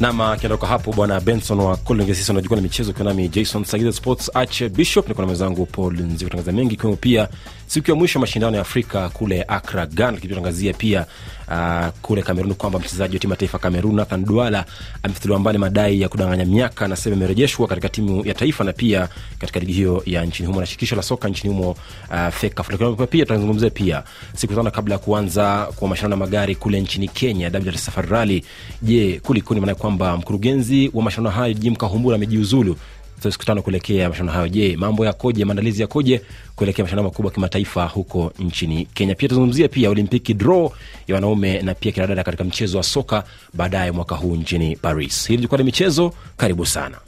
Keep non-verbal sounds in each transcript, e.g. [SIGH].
nam akiondoka hapo bwana benson wa kolngesisa unajukua na michezo ukiwa nami jason sagiza sports ache bishop nikuwa mwenzangu paul nzi kutangaza mengi ikiwemo pia siku ya mwisho ya mashindano ya afrika kule akra ghana kitangazia pia uh, kule kamerun kwamba mchezaji wa timu ya taifa kamerun nathan duala amefutuliwa mbali madai ya kudanganya miaka na sema imerejeshwa katika timu ya taifa na pia katika ligi hiyo ya nchini humo na shirikisho la soka nchini humo uh, fekafu pia tutazungumzia pia siku tano kabla ya kuanza kwa mashindano ya magari kule nchini kenya wsafari rali je kulikuni maanake kwamba mkurugenzi wa mashindano hayo Jim Kahumbura amejiuzulu siku tano kuelekea mashindano hayo. Je, mambo yakoje? Maandalizi yakoje kuelekea mashindano makubwa ya kimataifa huko nchini Kenya? Pia tuzungumzia pia olimpiki draw ya wanaume na pia kinadada katika mchezo wa soka baadaye mwaka huu nchini Paris. Hili jukwaa la michezo, karibu sana.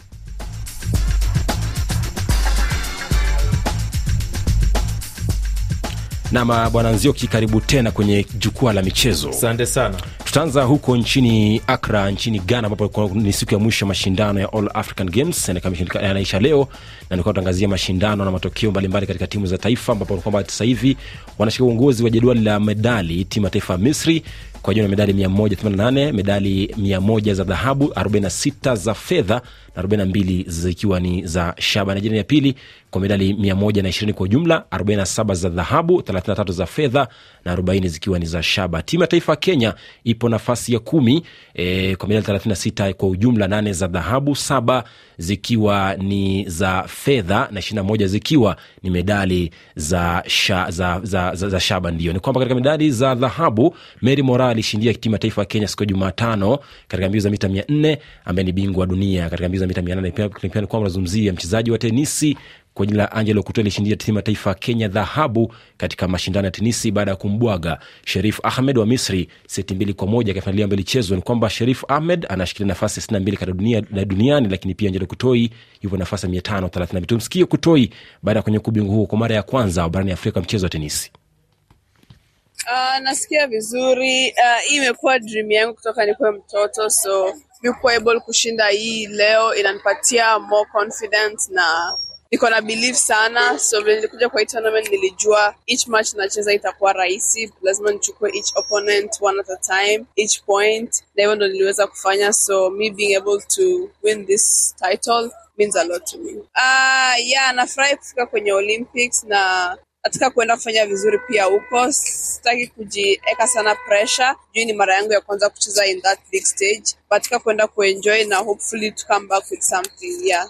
na Bwana Nzioki, karibu tena kwenye jukwaa la michezo. Asante sana. Tutaanza huko nchini Akra nchini Ghana, ambapo ni siku ya mwisho ya mashindano ya All African Games yanaisha leo, na nilikuwa tutaangazia mashindano na matokeo mbalimbali katika timu za taifa, ambapo kwamba sasa hivi wanashika uongozi wa jedwali la medali timu ya taifa ya Misri kwa jumla medali 188 medali 100 za dhahabu, 46 za fedha 42 zikiwa ni za shaba. Nigeria ya pili kwa medali 120 kwa jumla, 47 za dhahabu, 33 za fedha na 40 zikiwa ni za shaba. Timu ya taifa ya Kenya ipo nafasi ya kumi e, kwa medali 36 kwa ujumla, nane za dhahabu, saba zikiwa ni za fedha na 21 zikiwa ni medali za, sha, za, za, za, za shaba. Ndio ni kwamba katika medali za dhahabu Mary Moraa alishindia timu ya taifa ya Kenya siku ya Jumatano katika mbio za mita 400 ambaye ni bingwa dunia katika mbio za mita mia nane pia nikuwa unazungumzia mchezaji wa tenisi kwa jina la Angelo Kutu alishindia timu ya taifa ya Kenya dhahabu katika mashindano ya tenisi baada ya kumbwaga Sherif Ahmed wa Misri seti mbili kwa moja katika fainali ambayo ilichezwa. Ni kwamba Sherif Ahmed anashikilia nafasi sitini na mbili katika dunia, na duniani, lakini pia Angelo Kutoi yupo nafasi ya mia tano thelathini na mbili. Tumsikie Kutoi baada ya kwenye ubingwa huo kwa mara ya kwanza barani Afrika mchezo wa tenisi. Uh, nasikia vizuri. Uh, hii imekuwa dream yangu kutoka nikuwe mtoto so yuko able kushinda hii leo, inanipatia more confidence na niko na belief sana. So vile nilikuja kwa hii tournament, nilijua each match nacheza itakuwa rahisi, lazima nichukue each opponent one at a time, each point, na hivyo ndo niliweza kufanya. So me being able to win this title means a lot to me. Uh, yeah, nafurahi kufika kwenye Olympics na katika kuenda kufanya vizuri pia huko. Sitaki kujieka sana pressure juu ni mara yangu ya kwanza kucheza in that big stage, katika kuenda kuenjoy na hopefully to come back with something yeah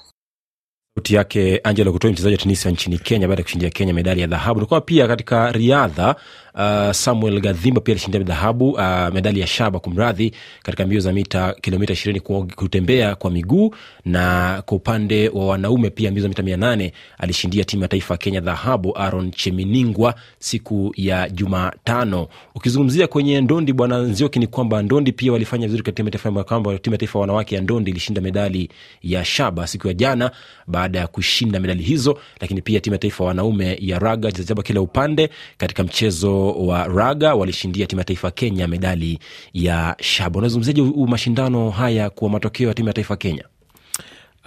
sauti yake Angela Kutoi, mchezaji wa tenisi wa nchini Kenya baada ya kushindia Kenya medali ya dhahabu. Nakuwa pia katika riadha uh, Samuel Gadhimba pia alishindia dhahabu uh, medali ya shaba, kumradhi, katika mbio za mita kilomita ishirini kutembea kwa miguu, na kwa upande wa wanaume pia mbio za mita mia nane alishindia timu ya taifa ya Kenya dhahabu Aaron Cheminingwa siku ya Jumatano. Ukizungumzia kwenye ndondi, Bwana Nzioki, ni kwamba ndondi pia walifanya vizuri katika timu ya taifa, kwamba timu ya taifa wanawake ya ndondi ilishinda medali ya shaba siku ya jana baada baada ya kushinda medali hizo. Lakini pia timu ya taifa wanaume ya raga jazaba kila upande katika mchezo wa raga walishindia timu ya taifa Kenya medali ya shaba. Unazungumziaje mashindano haya kwa matokeo ya timu ya taifa Kenya?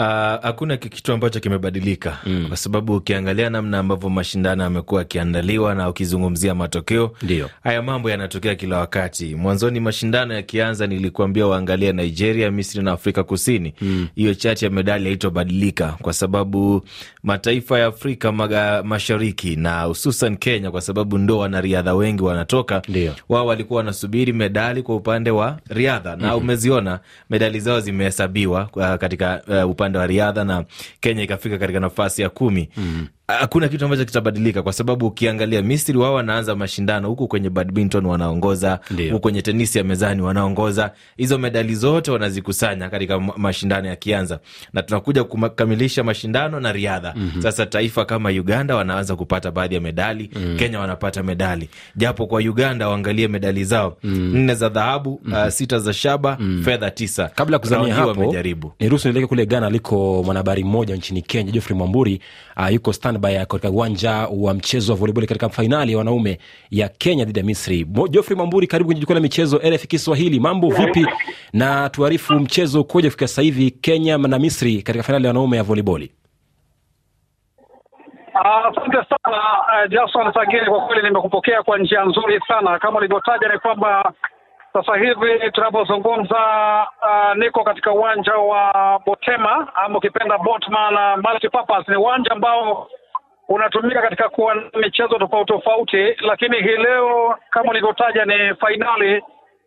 Ah, hakuna uh, kitu ambacho kimebadilika mm. kwa sababu ukiangalia namna ambavyo mashindano yamekuwa yakiandaliwa na ukizungumzia matokeo Dio. haya mambo yanatokea kila wakati. Mwanzoni mashindano yakianza, nilikuambia waangalia Nigeria, Misri na Afrika Kusini. Mm. Hiyo mm. chati ya medali haitobadilika kwa sababu mataifa ya Afrika maga, mashariki na hususan Kenya, kwa sababu ndo wanariadha wengi wanatoka, wao walikuwa wanasubiri medali kwa upande wa riadha na mm -hmm. umeziona medali zao zimehesabiwa uh, katika uh, upande upande wa riadha na Kenya ikafika katika nafasi ya kumi. Mm hakuna kitu ambacho kitabadilika kwa sababu ukiangalia Misri wao wanaanza mashindano huku kwenye badminton wanaongoza, huku kwenye tenisi ya mezani wanaongoza. Hizo medali zote wanazikusanya katika mashindano yakianza, na tunakuja kukamilisha mashindano na riadha. mm -hmm. Sasa taifa kama Uganda wanaanza kupata baadhi ya medali. mm -hmm. Kenya wanapata medali, japo kwa Uganda waangalie medali zao mm -hmm. nne za dhahabu mm -hmm. uh, mm-hmm. sita za shaba mm -hmm. fedha tisa. Kabla ya kuzamia hapo, wamejaribu niruhusu nieleke kule Ghana aliko mwanahabari mmoja nchini Kenya, Geoffrey Mwamburi uh, yuko stand Tanbaya katika uwanja wa mchezo wa voleboli katika fainali ya wanaume ya Kenya dhidi ya Misri. Jofrey Mwamburi, karibu kwenye jukwaa la michezo RFI Kiswahili. Mambo vipi? Na tuarifu mchezo ukoje kufika sasa hivi Kenya na Misri katika fainali ya wanaume ya voleboli. Ah, asante uh, sana uh, Jason Sagini, kwa kweli nimekupokea kwa njia nzuri sana. Kama ulivyotaja ni kwamba sasa hivi tunavyozungumza, uh, niko katika uwanja wa Botema ama ukipenda Botman multipurpose. Ni uwanja ambao unatumika katika na michezo tofauti tofauti, lakini hii leo kama ulivyotaja ni fainali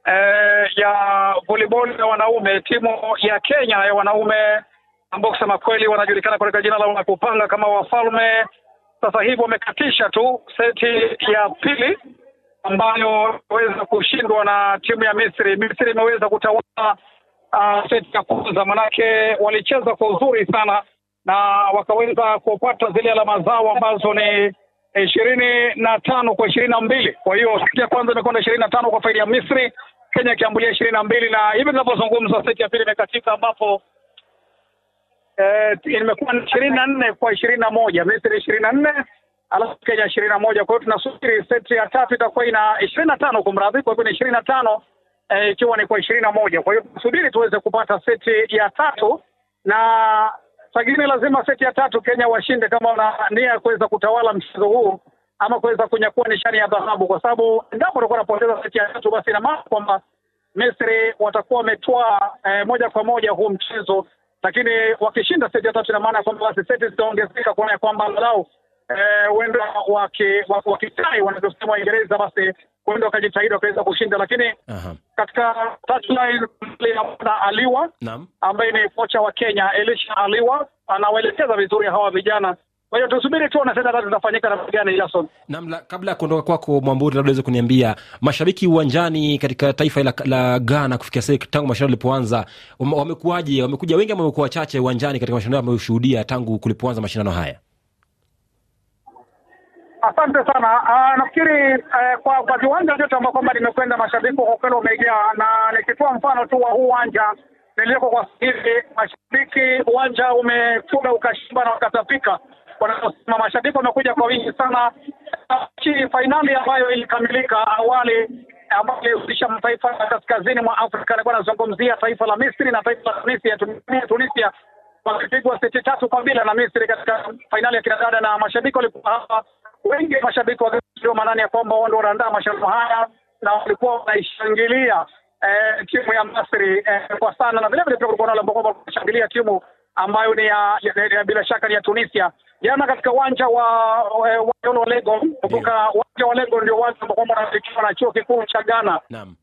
eh, ya volleyball ya wanaume. Timu ya Kenya ya wanaume ambao kusema kweli wanajulikana katika jina la wanakupanga kama wafalme, sasa hivi wamekatisha tu seti ya pili ambayo imeweza kushindwa na timu ya Misri. Misri imeweza kutawala uh, seti ya kwanza, manake walicheza kwa uzuri sana na wakaweza kupata zile alama zao ambazo ni ishirini na tano kwa ishirini na mbili kwa hiyo seti ya kwanza imekwenda ishirini na tano kwa faili ya Misri, Kenya ikiambulia ishirini na mbili na hivi inavyozungumza seti ya pili imekatika ambapo eh, imekuwa ishirini na nne kwa ishirini na moja Misri ishirini na nne alafu Kenya ishirini na moja kwa hiyo tunasubiri seti ya tatu itakuwa ina ishirini na tano kumradhi, kwa hivyo ni ishirini na tano ikiwa ni kwa ishirini na moja kwa hiyo tunasubiri tuweze kupata seti ya tatu na Pengine lazima seti ya tatu Kenya washinde kama wana nia kuweza kutawala mchezo huu ama kuweza kunyakua nishani ya dhahabu, kwa sababu endapo watakuwa wanapoteza seti ya tatu, basi ina maana kwamba Misri watakuwa wametoa eh, moja kwa moja huu mchezo. Lakini wakishinda seti ya tatu, ina maana kwamba basi seti zitaongezeka kuona ya kwamba angalau uendo eh, wakitai wanavyosema Waingereza basi kwenda wakajitahidi wakaweza kushinda, lakini uh katika touchline na Aliwa ambaye ni kocha wa Kenya Elisha Aliwa anawaelekeza vizuri hawa vijana kwa hiyo tusubiri tuone sasa tutafanyika namna gani, Jason. Naam, kabla ya kuondoka kwako Mwamburi, labda uweze kuniambia mashabiki uwanjani katika taifa la, la Ghana kufikia sasa tangu mashindano yalipoanza wamekuwaje? Wamekuja wengi ama wamekuwa wachache uwanjani katika mashindano ambayo ushuhudia tangu kulipoanza mashindano haya? Asante sana. Uh, nafikiri eh, kwa kwa viwanja vyote ambao kwamba nimekwenda mashabiki kwa kweli wamejaa, na nikitoa mfano tu wa huu uwanja niliyoko kwa hivi, mashabiki uwanja umefuga ukashimba na wakatapika, wanasema mashabiki wamekuja kwa wingi sana. Uh, fainali ambayo ilikamilika awali ambayo ilihusisha mataifa ya kaskazini mwa Afrika, alikuwa anazungumzia taifa la Misri na taifa la Tunisia, Tunisia wakipigwa seti tatu kwa bila na Misri katika fainali ya kinadada, na mashabiki walikuwa hapa wengi, mashabiki wakitiliwa maanani ya kwamba wao ndio wanaandaa mashindano haya na walikuwa wanaishangilia eh, timu ya Misri eh, kwa sana, na vilevile pia kulikuwa na wale ambao wanashangilia timu ambayo ni ya, ya, ya, ya, bila shaka ni ya Tunisia jana katika uwanja wa eh, Wayolo Lego kutoka uwanja wa Lego ndio uwanja ambao kwamba unashirikiwa na chuo kikuu cha Ghana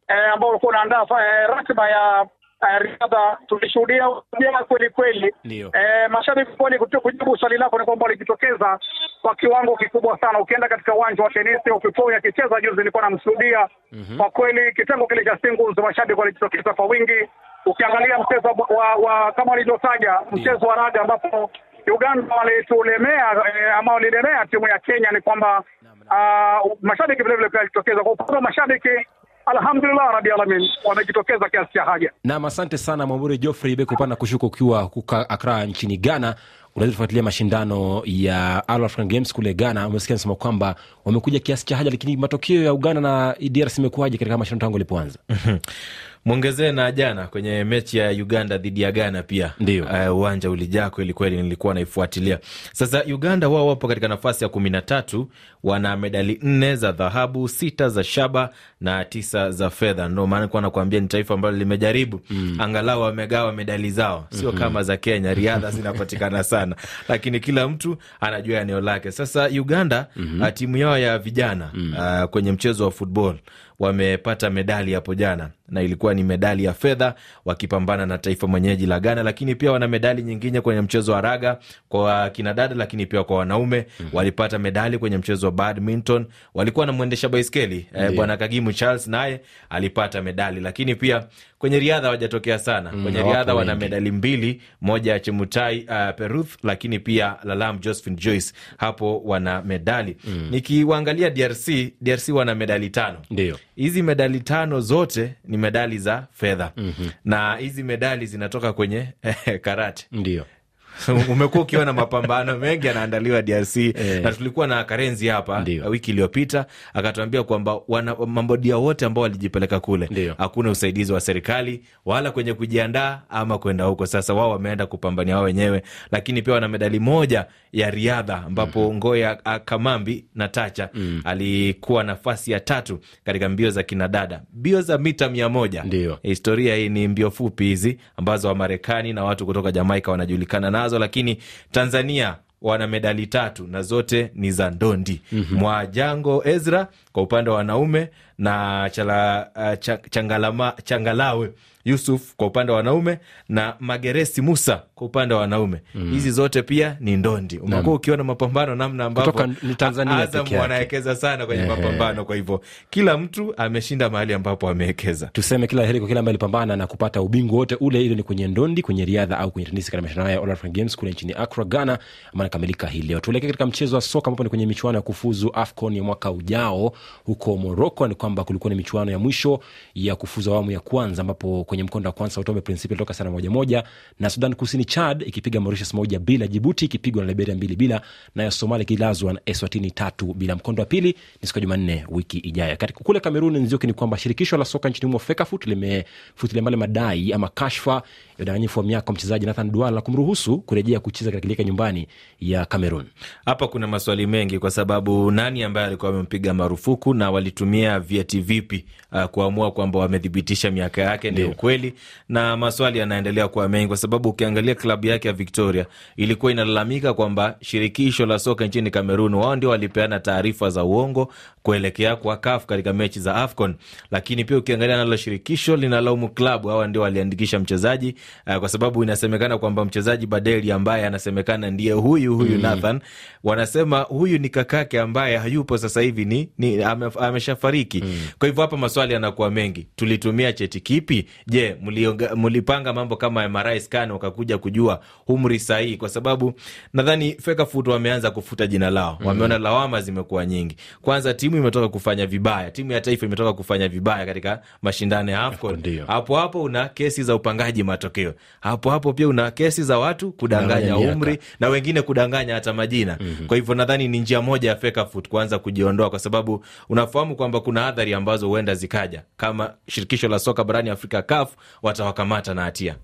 eh, ambao ulikuwa unaandaa eh, ratiba ya Eh, riadha tulishuhudia jana kweli kweli. Eh, mashabiki kweli, kujibu swali lako ni kwamba walijitokeza kwa kiwango kikubwa sana. Ukienda katika uwanja wa tenisi Ukipoi akicheza juzi, nilikuwa namshuhudia mm-hmm. Kwa kweli kitengo kile cha singles mashabiki walijitokeza kwa wingi. Ukiangalia mchezo wa, wa kama walivyotaja mchezo wa raga ambapo Uganda walitulemea eh, ama walilemea timu ya Kenya, ni kwamba uh, mashabiki vilevile pia walijitokeza kwa upande wa mashabiki Alhamdulillah rabi alamin, wamejitokeza kiasi cha haja. nam asante sana Mwamburi jofrey Beko pana kushuka ukiwa kuka Akra nchini Ghana. Unaweza kufuatilia mashindano ya All African Games kule Ghana. Umesikia nasema kwamba wamekuja kiasi cha haja, lakini matokeo ya Uganda na e DRC imekuwaje katika mashindano tangu yalipoanza? [LAUGHS] Mwongezee na jana kwenye mechi ya Uganda dhidi ya Ghana pia ah, uwanja uh, ulijaa kweli kweli, nilikuwa naifuatilia. Sasa Uganda wao wapo katika nafasi ya kumi na tatu, wana medali nne za dhahabu, sita za shaba na tisa za fedha. Ndo maana kuwa nakuambia ni taifa ambalo limejaribu mm, angalau wamegawa medali zao, sio mm -hmm. kama za Kenya, riadha zinapatikana [LAUGHS] sana, lakini kila mtu anajua eneo lake. Sasa Uganda mm -hmm. timu yao ya vijana mm -hmm. uh, kwenye mchezo wa football wamepata medali hapo jana, na ilikuwa ni medali ya fedha wakipambana na taifa mwenyeji la Ghana, lakini pia wana medali nyingine kwenye mchezo wa raga kwa kinadada, lakini pia kwa wanaume mm -hmm. walipata medali kwenye mchezo wa badminton. Walikuwa na mwendesha baiskeli eh, bwana Kagimu Charles naye alipata medali, lakini pia kwenye riadha hawajatokea sana mm, kwenye riadha wana medali mbili, moja ya Chemutai uh, Peruth, lakini pia Lalam Josephine Joyce hapo wana medali mm. Nikiwaangalia DRC, DRC wana medali tano. Ndio hizi medali tano zote ni medali za fedha mm -hmm. na hizi medali zinatoka kwenye [LAUGHS] karate ndio [LAUGHS] umekuwa ukiona mapambano mengi yanaandaliwa DRC e. Eh. Na tulikuwa na Karenzi hapa Ndiyo. wiki iliyopita akatuambia kwamba mambodia wote ambao walijipeleka kule hakuna usaidizi wa serikali wala kwenye kujiandaa ama kwenda huko. Sasa wao wameenda kupambania wao wenyewe, lakini pia wana medali moja ya riadha ambapo mm -hmm. Ngoya ah, Kamambi na Tacha mm -hmm. alikuwa nafasi ya tatu katika mbio za kinadada, mbio za mita mia moja. Historia hii ni mbio fupi hizi ambazo Wamarekani na watu kutoka Jamaika wanajulikana nazo nazo, lakini Tanzania wana medali tatu na zote ni za ndondi. mm -hmm. Mwajango Ezra kwa upande wa wanaume na chala, uh, ch changalama, Changalawe Yusuf kwa upande wa wanaume na Mageresi Musa kwa upande wa wanaume mm. hizi zote pia ni ndondi. Umekuwa ukiona mapambano namna ambavyo Azam wanawekeza sana kwenye yeah. mapambano. Kwa hivyo kila mtu ameshinda mahali ambapo amewekeza. Tuseme kila heri kwa kila ambaye alipambana na kupata ubingwa wote ule, ile ni kwenye ndondi, kwenye riadha au kwenye tenisi, katika mashindano ya All African Games kule nchini Accra, Ghana ambayo anakamilika hii leo. Tuelekee katika mchezo wa soka ambapo ni kwenye michuano ya kufuzu AFCON ya mwaka ujao huko Morocco ni kwa kwamba kulikuwa na michuano ya mwisho ya kufuza awamu ya kwanza, ambapo kwenye mkondo wa kwanza Sao Tome Principe ilitoka sare moja moja na Sudan Kusini, Chad ikipiga Mauritius moja bila, Jibuti ikipigwa na Liberia mbili bila, nayo Somalia ikilazwa na Eswatini tatu bila. Mkondo wa pili ni siku ya Jumanne wiki ijayo. Katika kule kameruni Nzioki, ni kwamba shirikisho la soka nchini humo FECAFOOT limefutilia mbali madai ama kashfa udanganyifu wa miaka mchezaji Nathan dual na kumruhusu kurejea kucheza katika ligi nyumbani ya cameron Hapa kuna maswali mengi kwa sababu nani ambaye alikuwa amempiga marufuku na walitumia vye eti vipi uh, kuamua kwamba wamethibitisha miaka yake ndio ukweli, na maswali yanaendelea kuwa mengi, kwa sababu ukiangalia klabu yake ya Victoria ilikuwa inalalamika kwamba shirikisho la soka nchini Kamerun wao ndio walipeana taarifa za uongo kuelekea kwa CAF katika mechi za AFCON, lakini pia ukiangalia nalo shirikisho linalaumu klabu, hawa ndio waliandikisha mchezaji uh, kwa sababu inasemekana kwamba mchezaji Badeli ambaye anasemekana ndiye huyu huyu mm. Nathan wanasema huyu ni kakake ambaye hayupo sasa hivi ni, ni ameshafariki mm. Kwa hivyo hapa maswali yanakuwa mengi, tulitumia cheti kipi? Je, mlipanga mambo kama MRI scan wakakuja kujua umri sahihi? Kwa sababu nadhani fekafut wameanza kufuta jina lao, mm. wameona lawama zimekuwa nyingi. Kwanza timu imetoka kufanya vibaya, timu ya taifa imetoka kufanya vibaya katika mashindano ya AFCON. Hapo hapo una kesi za upangaji matokeo, hapo hapo pia una kesi za watu kudanganya umri na wengine kudanganya hata majina mm -hmm. Kwa hivyo nadhani ni njia moja ya fekafut kuanza kujiondoa, kwa sababu unafahamu kwamba kuna athari ambazo huenda zikaja kama shirikisho la soka barani Afrika, CAF, watawakamata na hatia.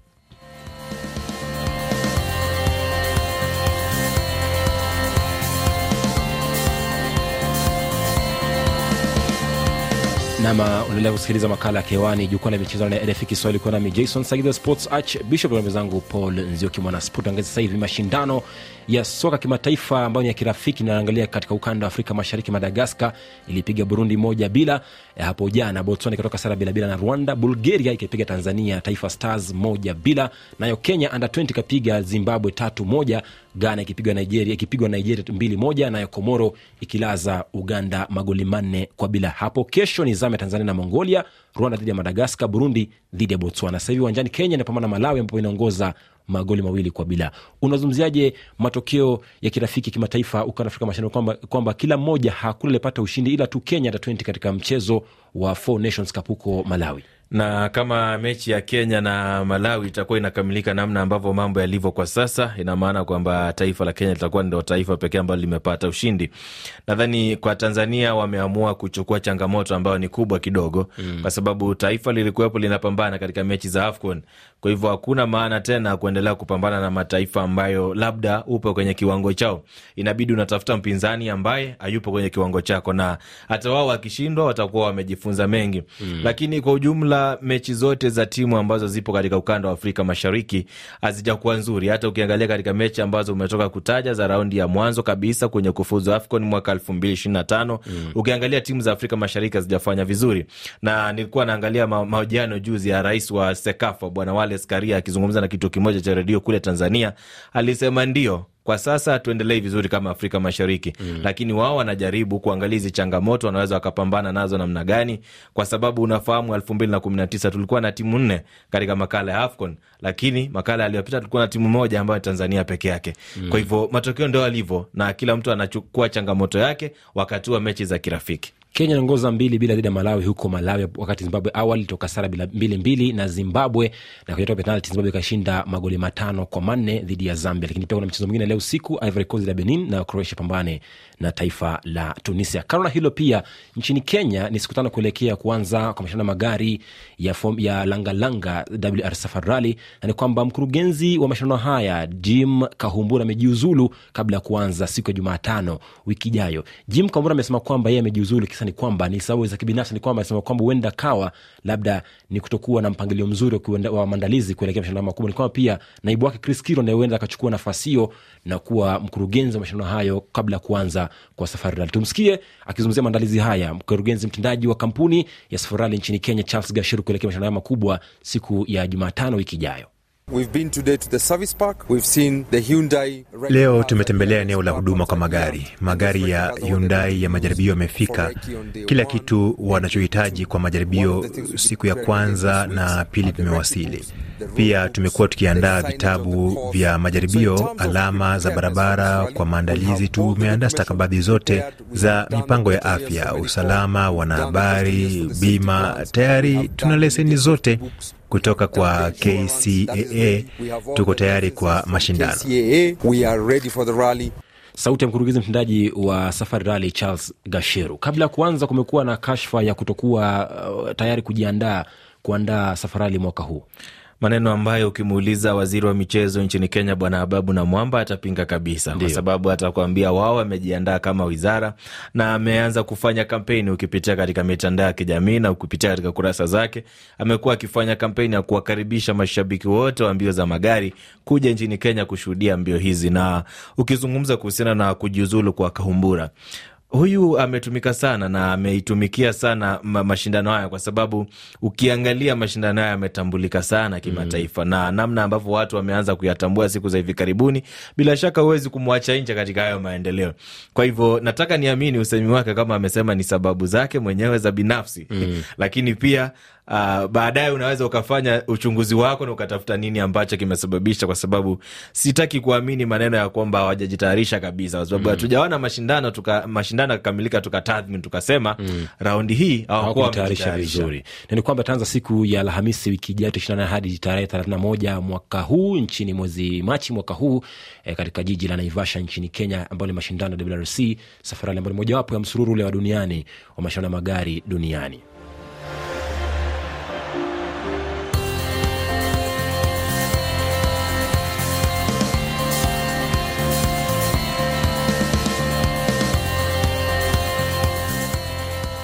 nama unaendelea kusikiliza makala ya kewani jukwa la michezo na rf kiswahili kuwa nami jason sagiza sports arch bishop na mwenzangu paul nzioki mwanasport angazi sasa hivi mashindano ya soka kimataifa ambayo ni ya kirafiki inaangalia katika ukanda wa afrika mashariki madagaskar ilipiga burundi moja bila eh, hapo jana botswana ikatoka sara bilabila na rwanda bulgaria ikipiga tanzania taifa stars moja bila nayo kenya under 20 ikapiga zimbabwe tatu moja ghana ikipigwa nigeria ikipigwa nigeria mbili moja nayo komoro ikilaza uganda magoli manne kwa bila hapo kesho ni zame ya tanzania na mongolia rwanda dhidi ya madagascar burundi dhidi ya botswana sasa hivi uwanjani kenya inapambana malawi ambapo inaongoza magoli mawili kwa bila unazungumziaje matokeo ya kirafiki kimataifa ukanda afrika mashariki kwamba, kwamba kila mmoja hakula alipata ushindi ila tu kenya ta 20 katika mchezo wa four nations cup huko malawi na kama mechi ya Kenya na Malawi itakuwa inakamilika namna ambavyo mambo yalivyo kwa sasa, ina maana kwamba taifa la Kenya litakuwa ndio taifa pekee ambalo limepata ushindi. Nadhani kwa Tanzania wameamua kuchukua changamoto ambayo ni kubwa kidogo, mm, kwa sababu taifa lilikuwepo linapambana katika mechi za AFCON. Kwa hivyo hakuna maana tena kuendelea kupambana na mataifa ambayo labda upo kwenye kiwango chao, inabidi unatafuta mpinzani ambaye hayupo kwenye kiwango chako, na hata wao wakishindwa watakuwa wamejifunza mengi, mm, lakini kwa ujumla kwamba mechi zote za timu ambazo zipo katika ukanda wa Afrika Mashariki hazijakuwa nzuri. Hata ukiangalia katika mechi ambazo umetoka kutaja za raundi ya mwanzo kabisa kwenye kufuzu AFCON mwaka 2025 mm. ukiangalia timu za Afrika Mashariki hazijafanya vizuri, na nilikuwa naangalia ma mahojiano juzi ya rais wa SEKAFA Bwana Wallace Karia akizungumza na kituo kimoja cha redio kule Tanzania, alisema ndio kwa sasa hatuendelei vizuri kama Afrika Mashariki mm. Lakini wao wanajaribu kuangalia hizi changamoto wanaweza wakapambana nazo namna gani, kwa sababu unafahamu, elfu mbili na kumi na tisa tulikuwa na timu nne katika makala ya AFCON, lakini makala yaliyopita tulikuwa na timu moja ambayo Tanzania peke yake mm. Kwa hivyo matokeo ndio alivyo, na kila mtu anachukua changamoto yake wakati wa mechi za kirafiki. Kenya naongoza mbili bila dhidi ya Malawi huko Malawi, wakati Zimbabwe awali toka sara bila mbili mbili na Zimbabwe na kwenye penalti Zimbabwe ikashinda magoli matano kwa manne dhidi ya Zambia. Lakini pia kuna mchezo mwingine leo usiku, Ivory Coast la Benin na Croatia pambane na taifa la Tunisia. karona hilo pia nchini Kenya ni siku tano kuelekea kuanza kwa mashindano magari ya form ya langalanga WR safarali na ni kwamba mkurugenzi wa mashindano haya Jim Kahumbura amejiuzulu kabla ya kuanza siku ya Jumatano wiki ijayo. Jim Kahumbura amesema kwamba yeye amejiuzulu kisa ni kwamba ni sababu za kibinafsi, ni kwamba anasema kwamba huenda kawa labda ni kutokuwa na mpangilio mzuri wa maandalizi kuelekea mashindano makubwa. Ni kwamba pia naibu wake Chris Kiro naye huenda akachukua nafasi hiyo na kuwa mkurugenzi wa mashindano hayo kabla ya kuanza kwa Safari Rali. Tumsikie akizungumzia maandalizi haya, mkurugenzi mtendaji wa kampuni ya Safari Rali nchini Kenya, Charles Gashiru, kuelekea mashindano hayo makubwa siku ya Jumatano wiki ijayo. We've been today to the service park. We've seen the Hyundai... Leo tumetembelea eneo la huduma kwa magari. Magari ya Hyundai ya majaribio yamefika, kila kitu wanachohitaji kwa majaribio siku ya kwanza na pili vimewasili. Pia tumekuwa tukiandaa vitabu vya majaribio, alama za barabara kwa maandalizi. Tumeandaa stakabadhi zote za mipango ya afya, usalama, wanahabari, bima. Tayari tuna leseni zote kutoka kwa KCAA, tuko tayari kwa mashindano. Sauti ya mkurugenzi mtendaji wa Safari rali Charles Gasheru. Kabla ya kuanza, kumekuwa na kashfa ya kutokuwa uh, tayari kujiandaa kuandaa Safari mwaka huu maneno ambayo ukimuuliza waziri wa michezo nchini Kenya Bwana Ababu na Mwamba atapinga kabisa, kwa sababu atakuambia wao wamejiandaa kama wizara na ameanza kufanya kampeni. Ukipitia katika mitandao ya kijamii na ukipitia katika kurasa zake, amekuwa akifanya kampeni ya kuwakaribisha mashabiki wote wa mbio za magari kuja nchini Kenya kushuhudia mbio hizi. Na ukizungumza kuhusiana na kujiuzulu kwa Kahumbura huyu ametumika sana na ameitumikia sana mashindano haya, kwa sababu ukiangalia mashindano haya yametambulika sana kimataifa mm. na namna ambavyo watu wameanza kuyatambua siku za hivi karibuni, bila shaka huwezi kumwacha nje katika hayo maendeleo. Kwa hivyo nataka niamini usemi wake, kama amesema ni sababu zake mwenyewe za binafsi mm. [LAUGHS] lakini pia uh, baadaye unaweza ukafanya uchunguzi wako na ukatafuta nini ambacho kimesababisha, kwa sababu sitaki kuamini maneno ya kwamba hawajajitayarisha kabisa, kwa sababu mm. hatujaona mm. mashindano tuka, mashindano yakakamilika tukatathmini tukasema mm. raundi hii hawakuwa wametayarisha vizuri, na ni kwamba tanza siku ya Alhamisi wiki ijayo ishirini na nane hadi tarehe thelathini na moja mwaka huu nchini mwezi Machi mwaka huu eh, katika jiji la Naivasha nchini Kenya, ambayo ni mashindano ya WRC Safari ambayo ni mojawapo ya msururu ule wa duniani wa mashindano ya magari duniani.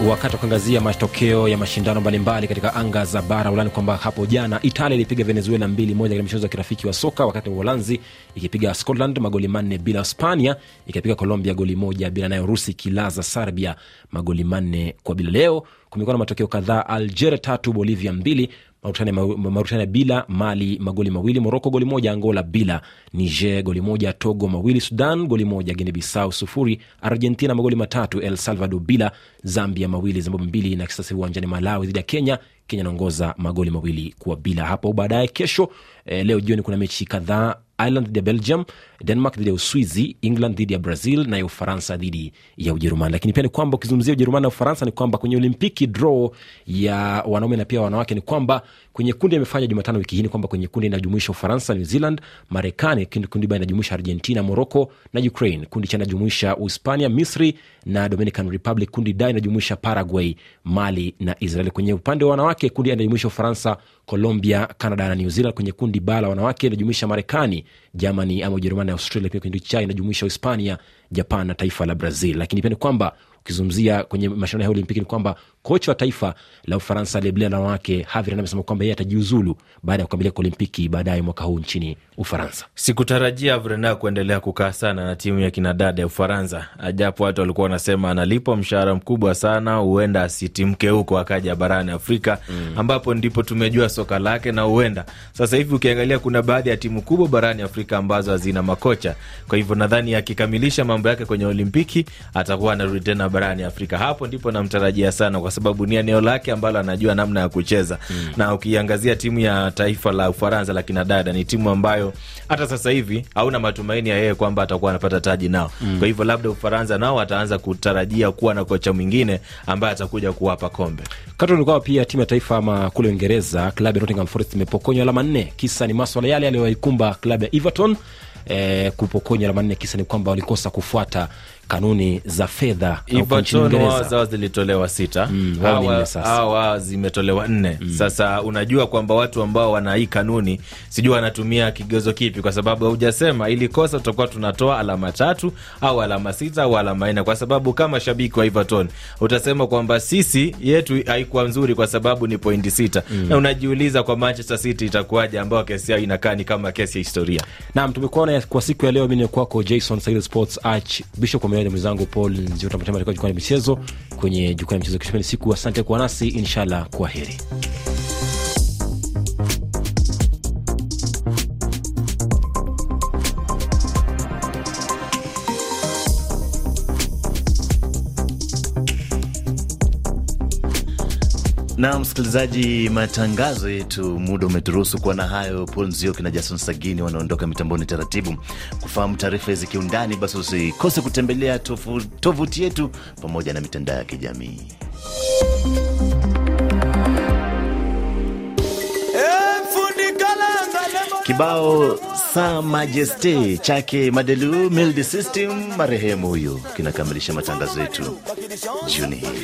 wakati wa kuangazia matokeo ya mashindano mbalimbali katika anga za bara Ulani kwamba hapo jana Italia ilipiga Venezuela mbili moja katika michezo ya kirafiki wa soka, wakati Uholanzi ikipiga Scotland magoli manne bila, spania ikapiga Colombia goli moja bila, nayo Rusi kilaza Serbia magoli manne kwa bila. Leo kumekuwa na matokeo kadhaa: Algeria tatu Bolivia mbili Mauritania bila, Mali magoli mawili, Moroko goli moja, Angola bila, Niger goli moja, Togo mawili, Sudan goli moja, Guinea Bissau sufuri, Argentina magoli matatu, El Salvador bila, Zambia mawili, Zimbabwe mbili. Na kisasa uwanjani Malawi dhidi ya Kenya, Kenya naongoza magoli mawili kwa bila. Hapo baadaye kesho eh, leo jioni kuna mechi kadhaa Ireland dhidi ya Belgium, Denmark dhidi ya Uswizi, England dhidi ya Brazil naye Ufaransa dhidi ya Ujerumani. Lakini pia ni kwamba ukizungumzia Ujerumani na Ufaransa ni kwamba kwenye Olimpiki draw ya wanaume na pia wanawake ni kwamba kwenye kundi amefanya Jumatano wiki hii ni kwamba kwenye kundi inajumuisha Ufaransa, New Zealand, Marekani. Kundi B inajumuisha Argentina, Morocco na Ukraine. Kundi cha inajumuisha Uhispania, Misri na Dominican Republic. Kundi da inajumuisha Paraguay, Mali na Israel. Kwenye upande wa wanawake kundi inajumuisha Ufaransa, Colombia, Canada na New Zealand. Kwenye kundi baa la wanawake inajumuisha Marekani, Germany ama Ujerumani na Australia. Pia kwenye kundi cha inajumuisha Hispania, Japan na taifa la Brazil, lakini pia ni kwamba ukizungumzia kwenye mashindano ya Olimpiki ni kwamba kocha wa taifa la Ufaransa aliyebelea na wanawake Havrin amesema kwamba yeye atajiuzulu baada ya kukamilika Olimpiki baadaye mwaka huu nchini Ufaransa. Sikutarajia Havrin kuendelea kukaa sana na timu ya kinadada ya Ufaransa, ajapo watu walikuwa wanasema analipwa mshahara mkubwa sana, huenda asitimke huko akaja barani Afrika mm, ambapo ndipo tumejua soka lake na huenda sasa hivi ukiangalia kuna baadhi ya timu kubwa barani Afrika ambazo hazina makocha. Kwa hivyo nadhani akikamilisha mambo yake kwenye Olimpiki atakuwa anarudi tena barani Afrika. Hapo ndipo namtarajia sana, kwa sababu ni eneo lake ambalo anajua namna ya kucheza mm. na ukiangazia timu ya taifa la Ufaransa la kinadada ni timu ambayo hata sasa hivi hauna matumaini ya yeye kwamba atakuwa anapata taji nao mm. kwa hivyo labda Ufaransa nao ataanza kutarajia kuwa na kocha mwingine ambaye atakuja kuwapa kombe. Kati ulikuwa pia timu ya taifa ama kule Uingereza, klabu ya Nottingham Forest imepokonywa alama nne. Kisa ni maswala yale yaliyoikumba klabu ya Everton. eh, kupokonywa alama nne. Kisa ni kwamba walikosa kufuata kanuni za fedha zao zilitolewa sita mm, hawa, hawa zimetolewa nne mm. Sasa unajua kwamba watu ambao wana hii kanuni sijui wanatumia kigezo kipi, kwa sababu haujasema ili kosa tutakuwa tunatoa alama tatu au alama sita au alama nne, kwa sababu kama shabiki wa Everton utasema kwamba sisi yetu haikuwa nzuri kwa sababu ni pointi sita mm. na unajiuliza kwa Manchester City itakuwaje, ambao kesi yao inakaa ni kama kesi ya historia. Naam, tumekuona kwa siku ya leo. Mimi ni kwako Jason Sports Arch Bishop na mwenzangu Paul Nzioto Matema katika jukwaa la michezo kwenye jukwaa la michezo. Kishimeni siku, asante kuwa nasi, inshallah, kwa heri. na msikilizaji, matangazo yetu muda umeturuhusu kuwa na hayo. Paul Nzioki na Jason Sagini wanaondoka mitamboni taratibu. Kufahamu taarifa hizi kiundani, basi usikose kutembelea tovuti yetu pamoja na mitandao ya kijamii. Kibao sa majeste chake Madelu Mildi System marehemu huyu kinakamilisha matangazo yetu jioni hii.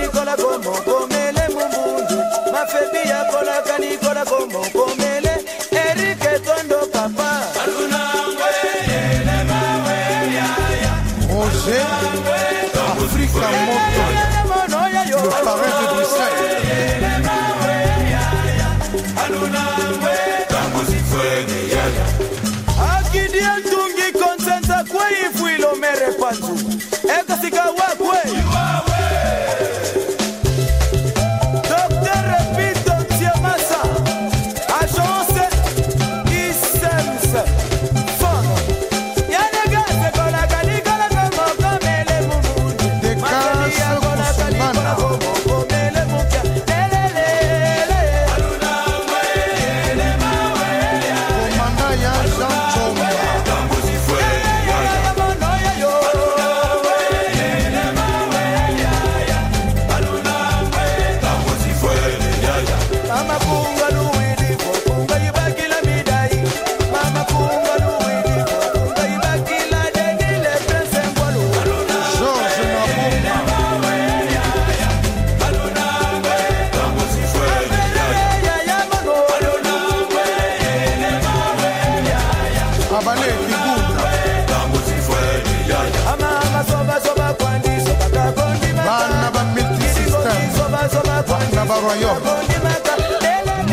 como kanikola komokomele mumbundu mafebi ni cola como.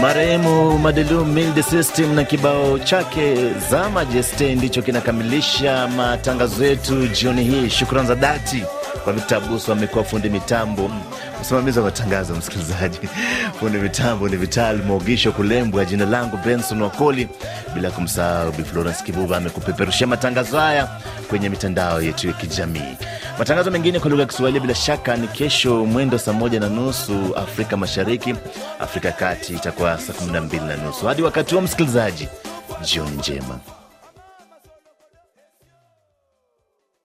marehemu Madelu Mild System na kibao chake za Majeste ndicho kinakamilisha matangazo yetu jioni hii. Shukrani za dhati Victor Buso amekuwa fundi mitambo, msimamizi wa matangazo. Msikilizaji, [LAUGHS] fundi mitambo ni Vital Mogisho Kulembwa, jina langu Benson Wakoli, bila kumsahau Bi Florence Kibuba amekupeperushia matangazo haya kwenye mitandao yetu ya kijamii. Matangazo mengine kwa lugha ya Kiswahili bila shaka ni kesho mwendo saa moja na nusu Afrika Mashariki, Afrika ya Kati itakuwa saa kumi na mbili na nusu. Hadi wakati huo, msikilizaji, jioni njema.